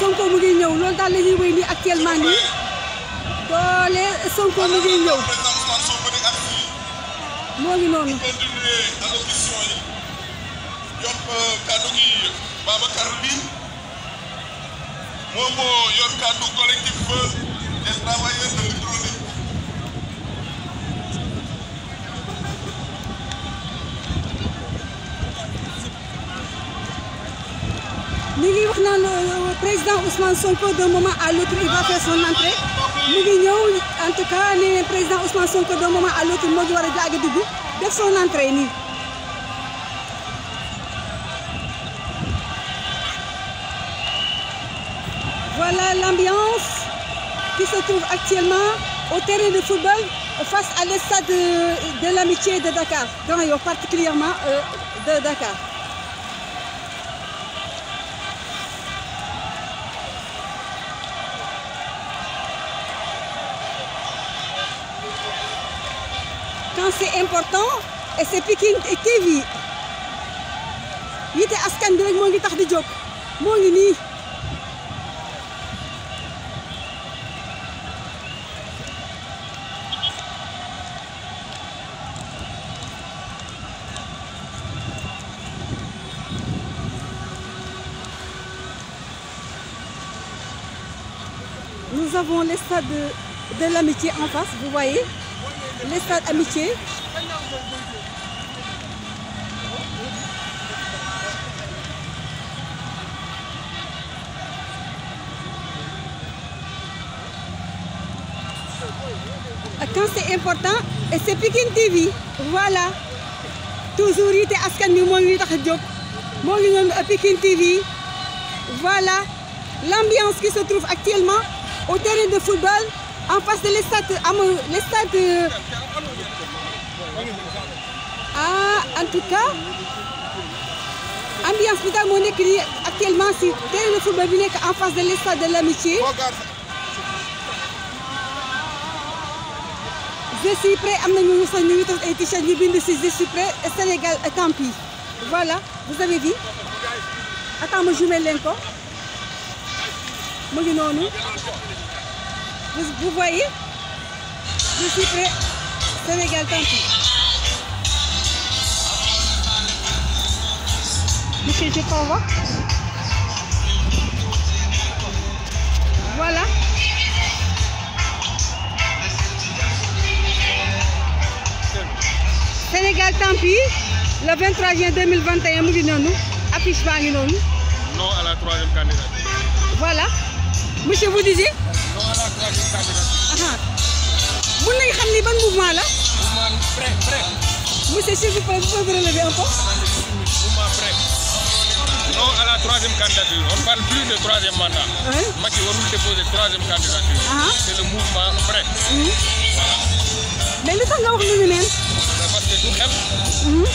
Sonko mu ngi ñëw loolu daal la ñuy nii actuellement nii doole Sonko mu ngi ñëw moo ngi Le président Ousmane Sonko d'un moment à l'autre il va faire son entrée Nous venons, en tout cas le président Ousmane Sonko d'un moment à l'autre il ngi faire son entrée voilà l'ambiance qui se trouve actuellement au terrain de football face à l'estade de, l'amitié de Dakar d'ailleurs particulièrement euh, de Dakar. c'est important et c'est Pikine TV était askan bi rek moo ngi tax di jóg moo ngi Nous avons le de l'amitié en face, vous voyez L'escale Amitié. Quand c'est important, c'est Pikin TV. Voilà. Toujours été askan à moo tax a Mon euh, TV. Voilà l'ambiance qui se trouve actuellement au terrain de football en face de l'estade l'estade ah en tout cas ambiance bi daal moo actuellement si terrain de football en face de l'estade de l'amitié je suis prêt à me nous ñu ngi tas ay t-shirt yu bind si je suis prêt Sénégal campi voilà vous avez vu attends je jumel leen ko mu ngi vous, vous voyez Je suis Sénégal, tant pis. Monsieur, je peux voir Voilà. Sénégal, tant pis. Le 23 juin 2021, nous venons nous affiche pas. Non à la troisième candidature. Voilà. Monsieur, vous disiez vous nañ xam ni ban mouvement la. mouvement bref bref. monsieur s'il vous plaît, vous pouvez relever un peu. mouvement bref. non à la troisième candidature on ne parle plus de troisième mandat. Macky warul déposer troisième candidature. Ah. c'est le mouvement bref. voilà. Mmh. mais li tax nga wax lu ñu neen. parce que du xel. Mmh.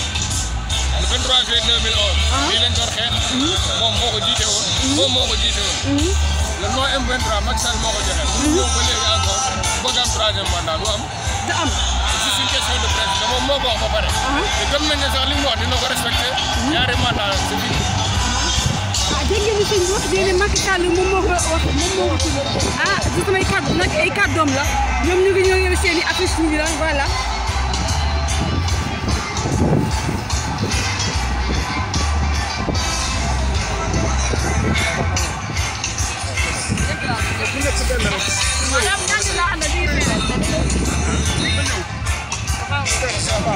le 23 juillet 2011. lii ah. lañ doon xeex. Mmh. moom moo ko jiite woon. moom moo ko jiite woon. le non M23 Macky Sall moo ko joxe. bu mhm. ñu ba léegi encore bëgg am troisième mandat du am. du am si suñ question de presse dama moo ko wax ba pare. te gëm nañ ne sax li mu wax dina ko respecté. Mhm. ñaari mandat la c'est fini. ah dégg ngeen ni sëñ bi wax dëgg Macky Sall moom moo ko wax moom moo ko tudd ah du samay kàddu nag ay kàddoom la ñoom ñu ngi ñoo yor seen i affiche ñu la voilà.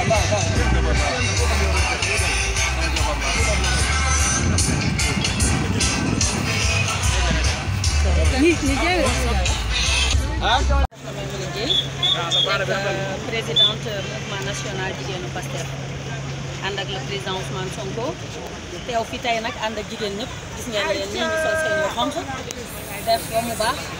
présidente mouvement national Ah. Pastef ànd ak le président Ousmane Sonko teew fi tey nag ànd ak jigéen ñëpp gis ngeen leen ñii ñu sol seen yu xonq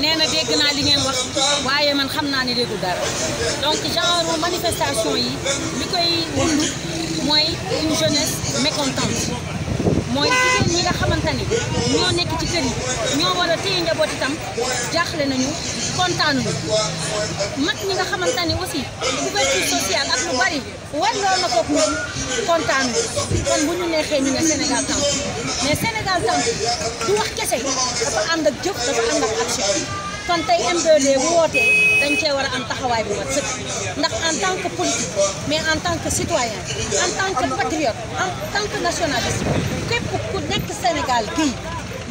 nee na dégg naa li ngeen wax waaye man xam naa ne léegi dara donc genre manifestation yi li koy wund mooy une jeunesse mécontente mooy jigéen ñi nga xamante ne ñoo nekk ci kër yi ñoo war a téye njaboot itam jaaxle nañu kontaanuñu mag ñi nga xamante ne aussi couverture sociale ak lu bari war na ko ak ñoom kontaanuñu kon bu ñu neexee ñu ne Sénégal tam mais Sénégal tam du wax kese dafa and ak jëf dafa and ak action kon tay M2D bu wootee dañ cee wara am taxaway bu mat sëkk ndax en tant que politique mais en tant que citoyen en tant que patriote en tant que nationaliste képp ku nekk Sénégal gii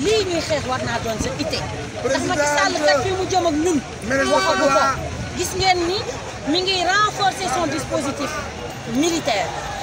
li ñuy xex war na doon sa itte ndax Macky Sall kat fi mu jëm ak ñun gis ngeen ni mi ngi renforcer son dispositif militaire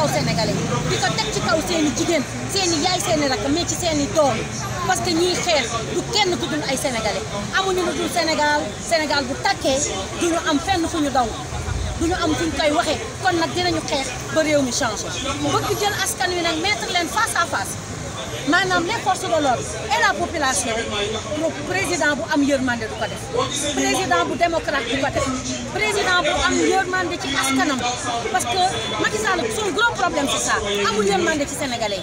kaw sénégalais bi di teg ci kaw seen jigéen seen i yaay seen i rakk mais ci seen i doom parce que ñiy xeex du kenn ku dul ay sénégalais amuñu lu dul Sénégal Sénégal bu tàkkee duñu am fenn fu ñu daw duñu am fuñ koy waxee kon nag dinañu xeex ba réew mi changé bëgg jël askan wi nag mettre leen face à maanaam les forces de l'ordre et la population président bu am yërmande du ko def président bu démocrate du ko def président bu am yërmande ci askanam parce que Macky Sall son problème c'est ça amul yërmande ci sénégalais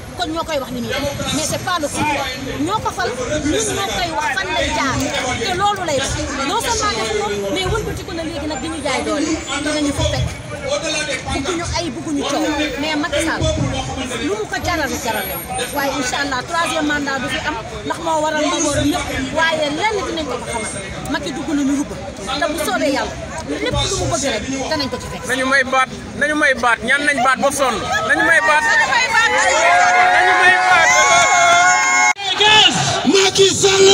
kon ñoo koy wax ni muy mais c'est pas le ñoo ko fal ñun ñoo koy wax fan lay jaar te loolu lay def non seulement def ko mais wëlbatiku na léegi nag di ñu jaay doole dinañu fa bugguñu ay bugguñu coow mais Macky Sall lu mu ko jaral jaral waaye incha allah troisième mandat du fi am ndax moo waral mbaboor ñëpp waaye lenn dinañ ko ko xamal dugg na ñu rubba te bu soobee yàlla. lépp lu mu bëgg may ba sonn nañu baat. nañu may baat. Macky Sall.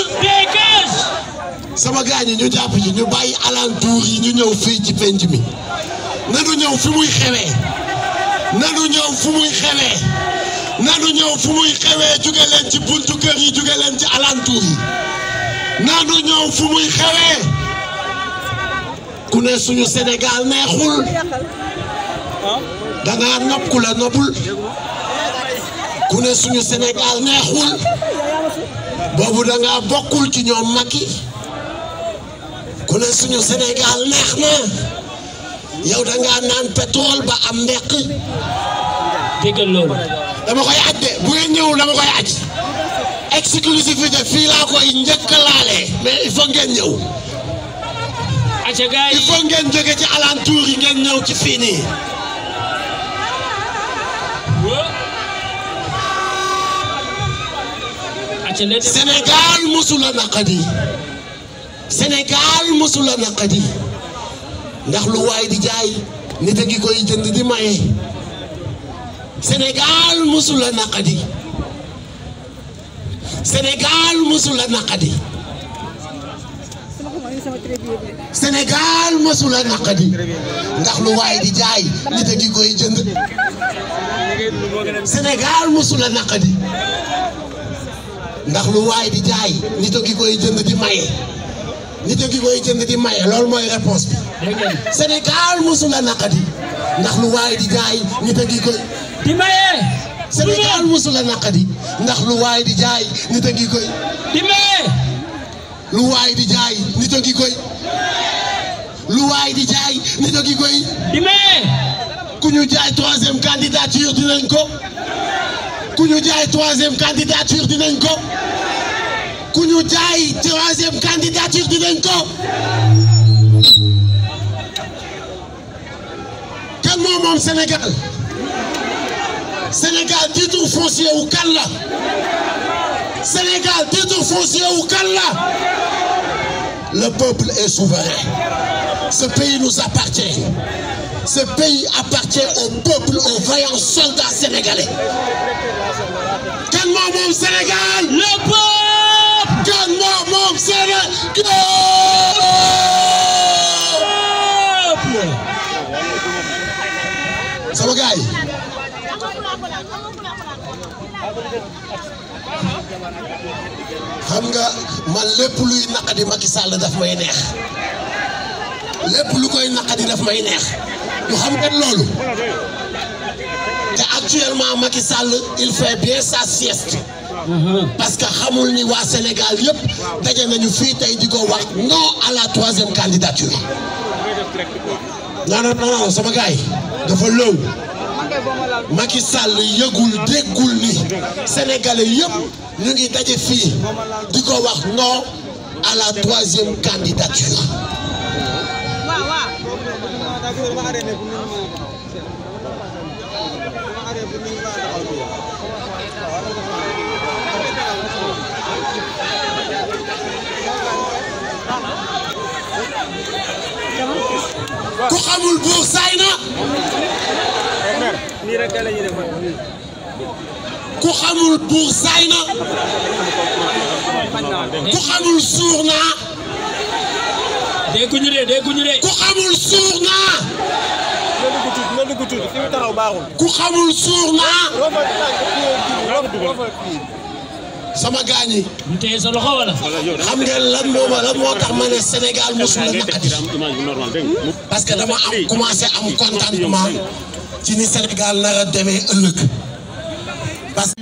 sama gaañ yi ñu jàpp ci ñu bàyyi alentour yi ñu ñëw fii ci penc mi nanu ñëw fi muy xewee nanu ñëw fu muy xewee nanu ñëw fu muy xewee jóge leen ci buntu kër yi jóge leen ci alentour yi nanu ñëw fu muy xewee. ne suñu Sénégal neexul suñu Sénégal ci ñoom Macky ku ne suñu Sénégal neex na yow naan pétrole ba am nekk dama koy aj de bu ngeen dama koy aj exclusivité fii laa koy njëkk laalee mais il faut ñëw acca guys, il faut ngeen jóge ci alentour yi ngeen ñëw ci fii Senegal Sénégal musula naqadi Sénégal musula naqadi ndax lu waay di jaay nit a ngi koy jënd di maye Sénégal musula naqadi Sénégal musula naqadi Sénégal ma naqadi ndax lu waay di jaay nit a ngi koy jënd Sénégal mosula naqadi ndax lu waay di jaay nit a ngi koy jënd di maye nit a ngi koy jënd di maye loolu mooy réponse bi Sénégal mosula naqadi ndax lu waay di jaay nit a ngi koy di maye Sénégal mosula naqadi ndax lu waay di jaay nit a ngi koy di maye lu di jaay nit a ngi koy lu waay di jaay a ngi koy dimee ku troisième candidature du Nenko ku ñu troisième candidature du Nenko ku ñu troisième candidature du Nenko Quel moment Sénégal Sénégal Sénégal vous foncier ou kan Sénégal, titre foncier ou Kalla. Le peuple est souverain. Ce pays nous appartient. Ce pays appartient au peuple, aux vaillants soldats sénégalais. Quel moi mon Sénégal Le peuple Quel moi mon Sénégal Sama gars xam nga man lépp luy naqadi Macky Sall daf may neex lépp lu koy naqadi daf may neex lu xam ngeen loolu te actuellement Macky Sall il fait bien sa sieste parce que xamul ni waa Sénégal yëpp daje nañu fii tey di ko wax non à la troisième candidature non non non sama gars dafa lëw Macky Sall yegul déggul ni sénégalais le ñu ngi daje à la troisième candidature. ku xamul buur saay na ku xamul suur naa. dégguñu ku xamul suur naa. ku xamul suur naa. sama gaañ xam ngeen lan moo lan moo tax ma ne Sénégal mosul la naqari. parce dama am commencé am contentement. ci ni Sénégal nar a demee ëllëg parce que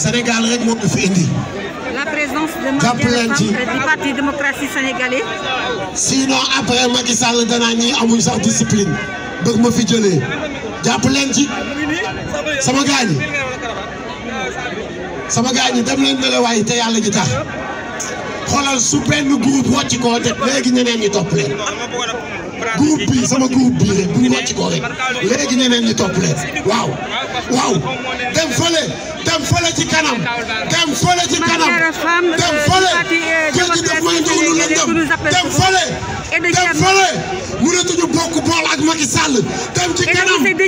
Sénégal rek moo ko fi indi. la présidence de sinon après Macky Sall ñi amuñ sax discipline bëgg ma fi jëlee jàpp leen ci sama gaañi sama gaañi dem leen ne waaye te yàlla ji tax. xoolal su benn groupe wàcc koo rek léegi ñeneen ñi topp leen groupe bi sama groupe bi rek bu ñu wàcc koo rek léegi ñeneen ñi topp leen waaw waaw dem fële dem fële ci kanam dem fële ci kanam dem fële géej gi def may ñëw lu lëndëm dem fële dem fële bokk bool ak Macky Sall dem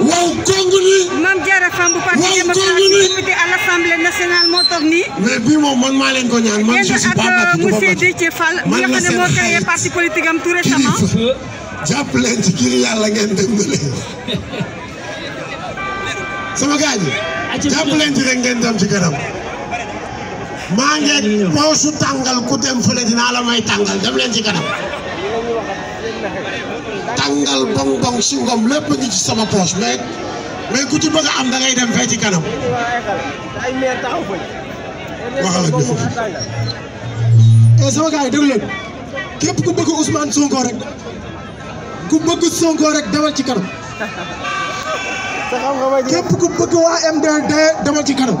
waaw kong nii. Mame Diarra Fam bu parti démocratique député à l'Assemblée nationale moo toog nii. mais bii moom man maa leen ko ñaan man je suis euh, Bamba Tukuba kii yàlla ngeen dimbale. sama gars yi. jàpp leen ci rek ngeen dem ci kanam. maa ngi poosu tàngal ku dem fële dinaa la may tàngal dem leen ci kanam. tàngal bong bong lépp ngi ci sama poche mais mais ku ci bëgg a am da ngay dem fee ci kanam waxal ak ñoom. Eh, képp ku bëgg Ousmane Sonko rek ku bëgg Sonko rek demal ci kanam. képp ku bëgg waa MDD demal ci kanam.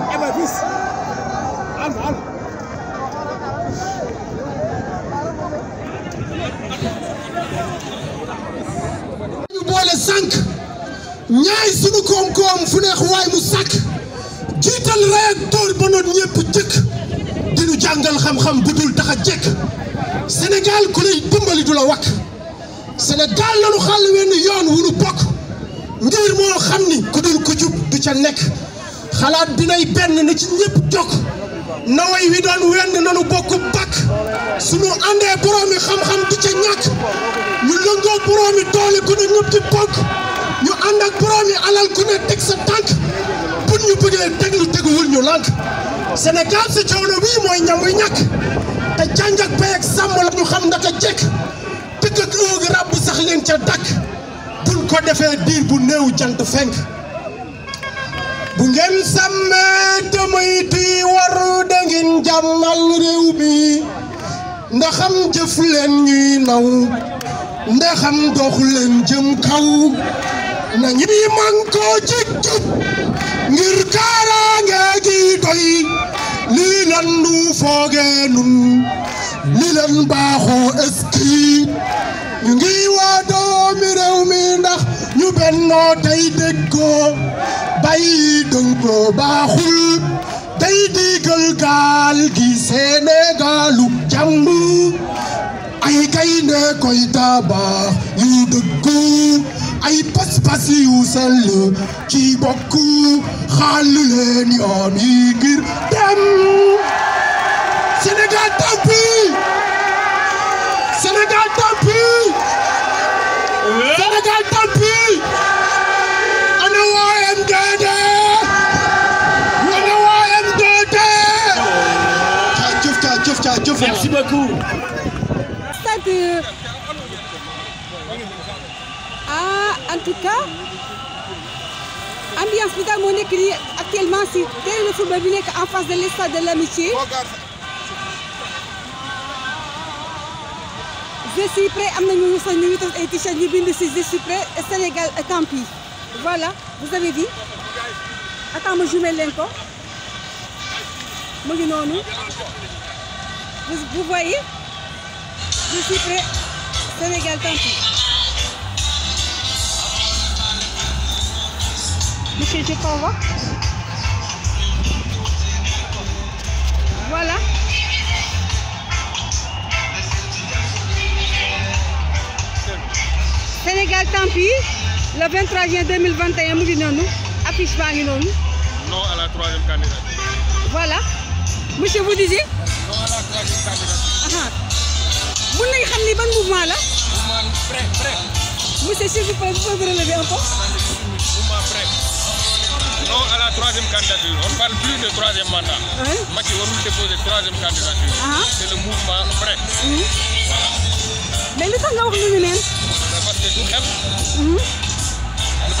sànq ñaay sunu koom-koom fu neex waay mu sàkk jiital réacteur ba noon ñëpp jëkk dinu jàngal xam-xam bu dul tax a jekk Sénégal ku lay dimbali du la wàkk Sénégal lanu xàll wenn yoon wu nu bokk ngir moo xam ku dul ku jub du ca nekk xalaat bi nay benn na ci ñëpp jokk na way wi doon wenn nanu bokk bakk sunu àndee boroomi xam-xam di ca ñàkk ñu lëngoo boroomi doole ku ne ñëpp di bokk ñu ànd ak alal ku ne teg sa tànk bu ñu bëggee teglu teguwul ñu lànk Sénégal sa coono wii mooy ñam wi ñàkk te jàng ak sàmm la ñu xam naka jekk tëgg ak ëwëg ràbb sax leen ca dakk buñ ko defee diir bu new jant fenk bu ngeen sàmmee te moytu yi war da ngeen jàmmal réew mi ndaxam jëf leen ñuy ndaxam dox leen jëm kaw nañuy mànkoo ci jub ngir kaaraange gi doy lii lan nu foogee leen baaxoo eski ñu ngi waa doomi mi ndax ñu bennoo tey déggoo bay dënko baaxul day digal gaal gi Sénégalu jàmm ay gaynde koy tabax yu dëggu ay pas-pas yu sell ci bokk xaalu leen yoon yi ngir dem Sénégal tampi Sénégal tampi Merci beaucoup. stade... à dire Ah, en tout cas, ambiance bi daal moo nekk nii actuellement si terrain de football bi en face de l'estade de l'Amitié. Je suis prêt à na ñu sax ñu ngi tas ay t-shirt yu bind je suis prêt Sénégal tant pis voilà, vous avez vu Attends, je mets l'encore. Moi, non. Vous, vous voyez Je suis prêt. Sénégal, tant pis. Monsieur, je peux voir Voilà. Sénégal, tant pis le 23 juin 2021 nous venons nous. affiche pas nous. non à la troisième candidature. voilà monsieur vous disiez. non à la troisième candidature. Vous n'avez pas ni ban mouvement là? mouvement prêt prêt. monsieur s'il vous plaît vous pouvez relever un peu. mouvement prêt. non à la troisième candidature on parle plus de troisième mandat. Hein? Macky warul déposer troisième candidature. c'est le mouvement prêt. voilà. Mmh. mais le temps nga le même. parce que 23 juillet 2011.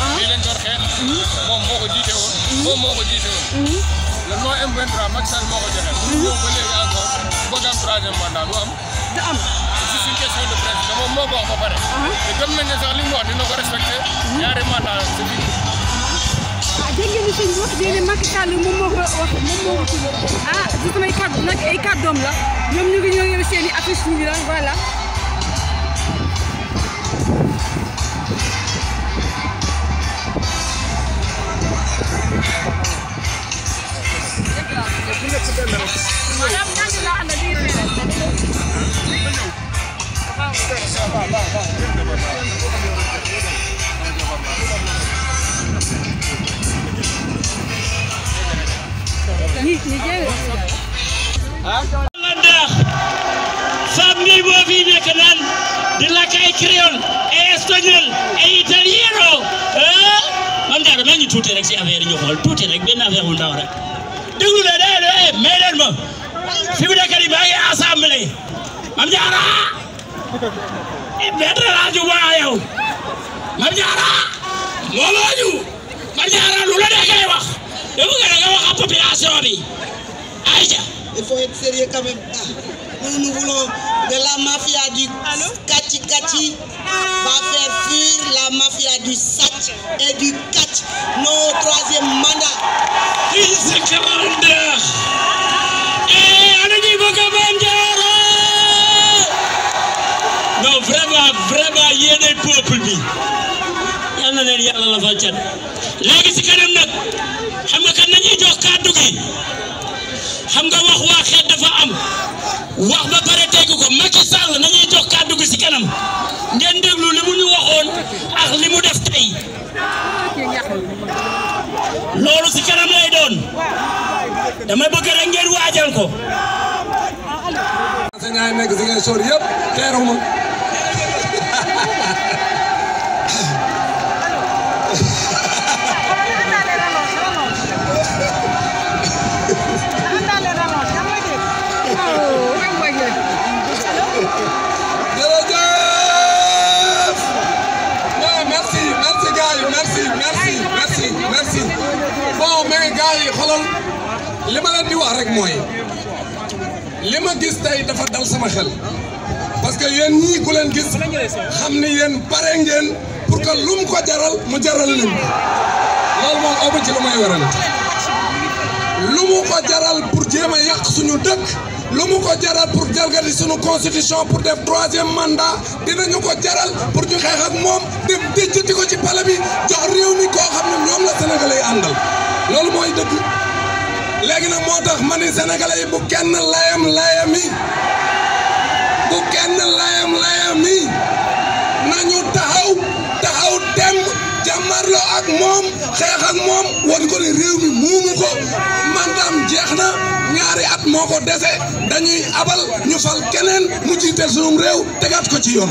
Ah. lii lañ doon xeex. Mm-hmm. moom moo ko jiite woon. Mm-hmm. moom moo ko jiite woon. Mm-hmm. le mooy M23 Macky Sall moo ko joxe. moom ba léegi encore bëgg am troisième mandat du am. du am. c'est une question de presse te moom moo ko wax ba pare. Ah. te gëm nañ ne sax li mu wax dina ko respecté. ñaari mandat la ah, ah dégg ngeen ni sëñ bi wax dëgg yàlla Macky Sall moom moo ko wax moom moo ko tudd ah du samay kàddu nag ay kàddoom la ñoom ñu ngi ñoo yore seen i affiche yi la voilà. nit ñi jël ah la ndax femme yi boo fi nekk naan di lakk ay créole ay espagnol ay italiano ah man daal maa ngi tuuti rek si affaire yi ñu xool tuuti rek benn affaire bu ndaw rek déglu na day doy mais leen ma fi mu nekk nii maa ngi assemblée am jaara il faut être sérieux quand même ah, nous voulons de la mafia du va faire fuir la mafia du Satch et du Katch nos troisième mandat peuple bi léegi si kanam nag xam nga kan nañuy jox kàddu gi xam nga wax waa xeet dafa am wax ba pare tegu ko Macky Sall nañuy jox kàddu gi si kanam ngeen déglu li mu ñu waxoon ak li mu def tey loolu si kanam lay doon dama bëgg rek ngeen waajal ko. gaay yi xolol li ma leen di wax rek ma gis tey dafa dal sama xel que yéen ñii ku leen gis xam ni ko jaral mu jaral lim loolu moom amu ci lu may werante ko jaral pour jéem a yàq suñu dëkk jalgati sunu constitution pour def troisième mandat dinañu ko jaral pour ñu xeex ak moom loolu mooy dëgg léegi nag moo tax ma yi bu bu kenn layam layami nañu taxaw taxaw te jàmmaarloo ak moom xeex ak moom wan ko ne réew mi muumu ko mandaam jeex na ñaari at moo ko dese dañuy abal ñu fal keneen mu jiite sunum réew tegaat ko ci yoon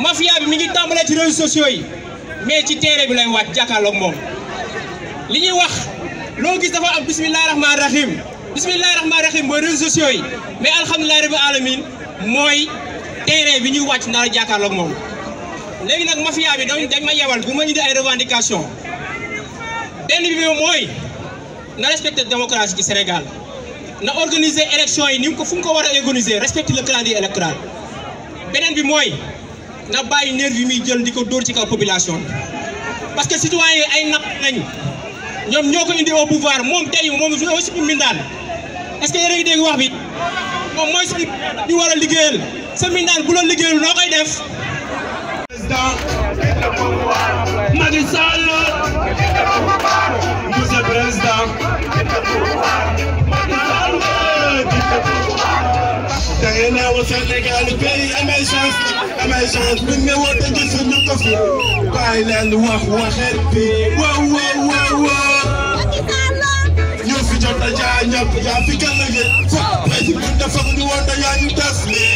mafia bi mi ngi tàmbalee ci réseaux sociaux yi mais ci terrain bi lay wàcc jàkkaarloog moom li ñuy wax loo gis dafa am bismillahi rahmaani rahim bismillahi rahmaani rahim mooy réseaux sociaux yi mais alhamdulilah rabbi alamin mooy terrain bi ñuy wàcc nara jàkkaarlook moom. léegi nag mafia bi dañ dañ ma yebal bu ma indi ay revendication benn bi mooy na respecter démocratie ci Sénégal na organiser élection yi ni mu ko fu mu ko war a organiser respecter le calendrier électoral beneen bi mooy. na bàyyi nerf yi muy jël di ko dóor ci kaw population parce que citoyen ay napp nañ ñoom ñoo ko indi au pouvoir moom tey moom su aussi mbindaan est-ce que yéen a dégg wax bi moom mooy sa di war a liggéeyal sa mbindaan bu la liggéeyul noo koy def. président انا وصلك قلبي اما شاف اما شاف مني وطنت في الطفل بايل الوح وخبي واو واو واو يوفي جرد جانب يا في قلبي فقط من دفقني وانا يا يتفلي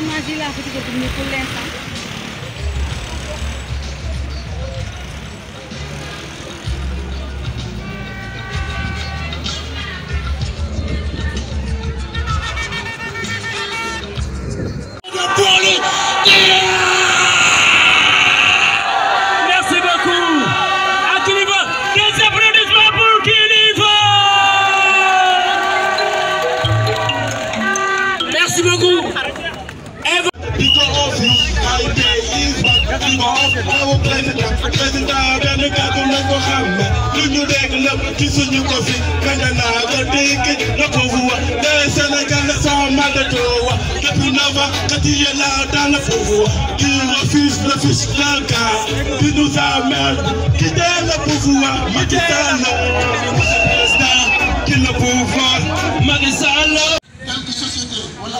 Imagina, eu vou te dar um lenta. qui nous le pouvoir,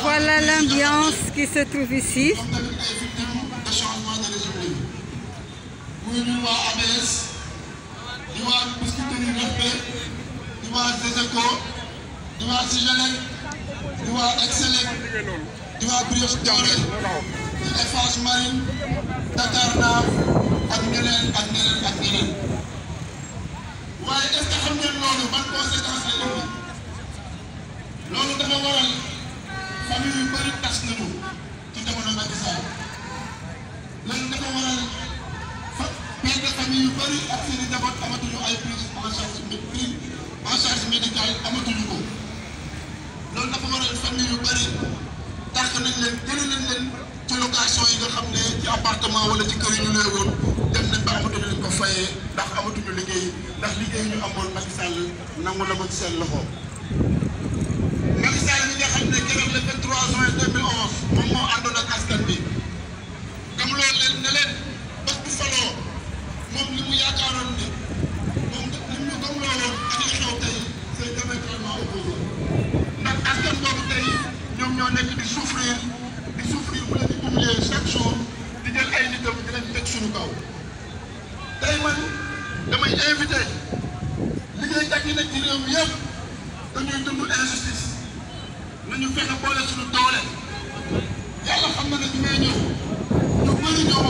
Voilà l'ambiance qui se trouve ici. Dakar naaf ak ñeneen ak ñeneen ak ñeneen waaye est ce que xam ngeen loolu ban conséquence la ñu loolu dafa waral famille yu bëri tas nañu ci jamono Macky Sall loolu dafa waral fa père de famille yu bëri ak seen i njaboot amatuñu ay prise en charge en charge médicale amatuñu ko. dàq nañ leen jëlee seen loxo. bu faloo moom li mu yaakaaroon ne moom li mu ñu gëmloo woon ak xew tey c'est diamétralement opposé ñoom ñoo nekk di souffrir di souffrir mu leen di humilier di jël ay nitam di leen teg suñu kaw tey man damay invité liggéeykat yi nekk ci réew mi dañuy dund injustice nañu fexe boole suñu doole yàlla xam na ne ñu may ñëw ñu bëri ñëw